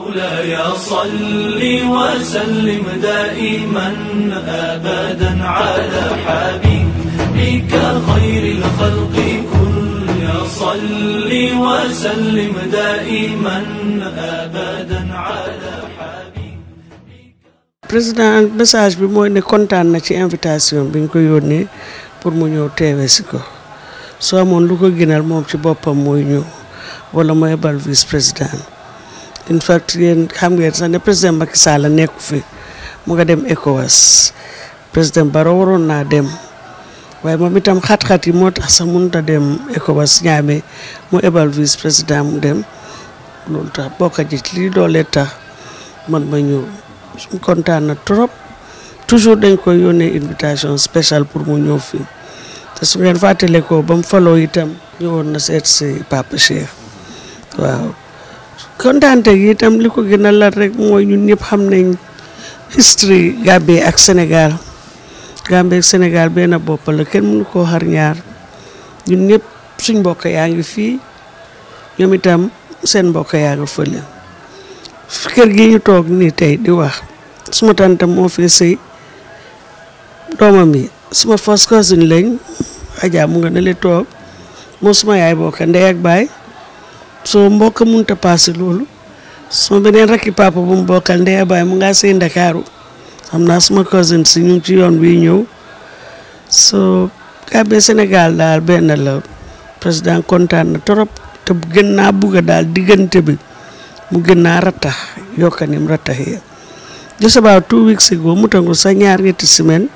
مولاي صل وسلم دائما ابدا على حبيبك خير الخلق كل صل وسلم دائما ابدا على président message bi moy ne contane na ci invitation biñ ko yónnee pour mu ñëw teewe si ko so amone lu ko gënal mom ci bopam moy ñu wala moy bal vice président in fact yéen xam ngeen sax ne président Macky Sall nekku fi mu nga dem ECOWAS président Barrow waroon naa dem waaye moom itam xat yi moo tax sa mënut a dem ECOWAS ñaame mu ebal vice président mu dem loolu tax bokk ji lii doolee tax man ma ñëw kontaan na trop toujours dañ koy yónnee invitation spéciale pour mu ñëw fii te su ngeen fàttalee ko ba mu faloo itam ñëwoon na seet si Papa Cheikh waaw kontaante gi itam li ko gën a lat rek mooy ñun ñëpp xam nañ history Gambie ak Sénégal Gambie ak Sénégal benn bopp la kenn mënu koo xar ñaar ñun ñëpp suñ mbokk yaa ngi fii ñoom itam seen mbokk yaa ngi fële kër gi ñu toog nii tey di wax suma tàntam moo fee sëy doomam yi suma first cousin lañ Adja mu nga ne toog moo suma yaay bokk ndey ak baay so mbokk munta passé loolu suma beneen rakki papa bu mu bokkal ndey a baay mu ngaa sey ndakaaru xam naa suma cousin si ñu ngi ci yoon wi ñëw so kàbbee Sénégal daal benn la président kontaan na trop te gën naa bugg daal diggante bi mu gën naa rattax yokkanim rattaxee just about two weeks ago mu tëngu sa ñaar ñetti semaine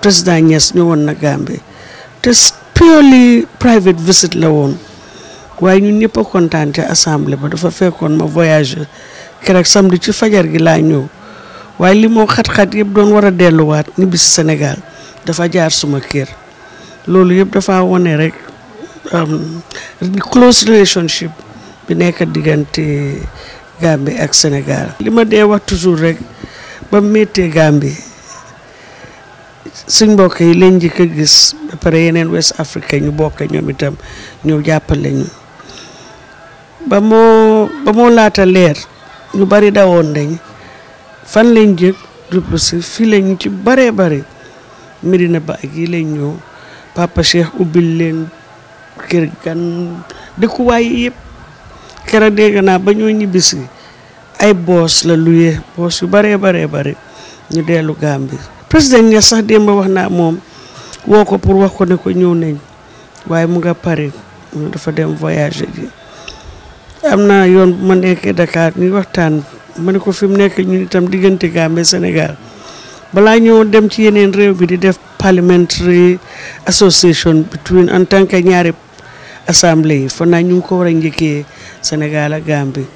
président Niass ñëwoon na Gambie te purely private visit la woon waaye ñun ñëpp a kontaan ca assemblée ba dafa fekkoon ma voyageur keroog samedi ci fajar gi laa ñëw waaye li moo xat-xat yëpp doon war a delluwaat ñibbi si senegal dafa jaar suma kër loolu yëpp dafa wone rek um, close relationship bi nekk diggante Gambie ak senegal li ma dee wax toujours rek ba méttee Gambie suñ mbokk yi leen njëkk a gis ba pare yeneen West Africa ñu bokk ñoom itam ñëw jàppale ñu. ba moo ba laata leer ñu bari dawoon nañ fan lañ jëg jublu si fii lañ ci baree bari Medina ba ak yi lañ ñëw Papa Cheikh ubbil leen kër gan dëkkuwaay yëpp keroog dégg naa ba ñu ñibbisi ay bos la luye boos yu baree baree bari ñu dellu Gambie président ña sax démb wax naa moom woo ko pour wax ko ne ko ñëw nañ waaye mu nga pare dafa dem voyage ji am na yoon ma nekkee dakaar ñuy waxtaan ma ne ko fi mu nekk ñun itam diggante Gambie Sénégal balaa ñoo dem ci yeneen réew bi di def parliamentary association between en tant que ñaari assemblée yi fan ñu ko war a njëkkee Sénégal ak Gambie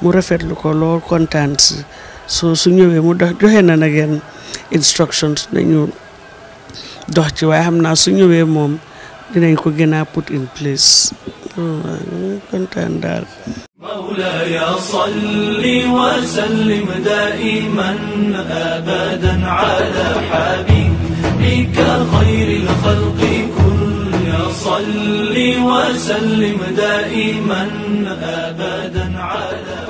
mu rafetlu ko lool kontaan so su ñëwee mu dox joxe na nag yéen na nañu dox ci waaye xam naa su ñëwee moom dinañ ko gën a put in place. كنت daal مولاي صل وسلم دائما أبدا على حبيبك خير الخلق كل صل وسلم دائما أبدا على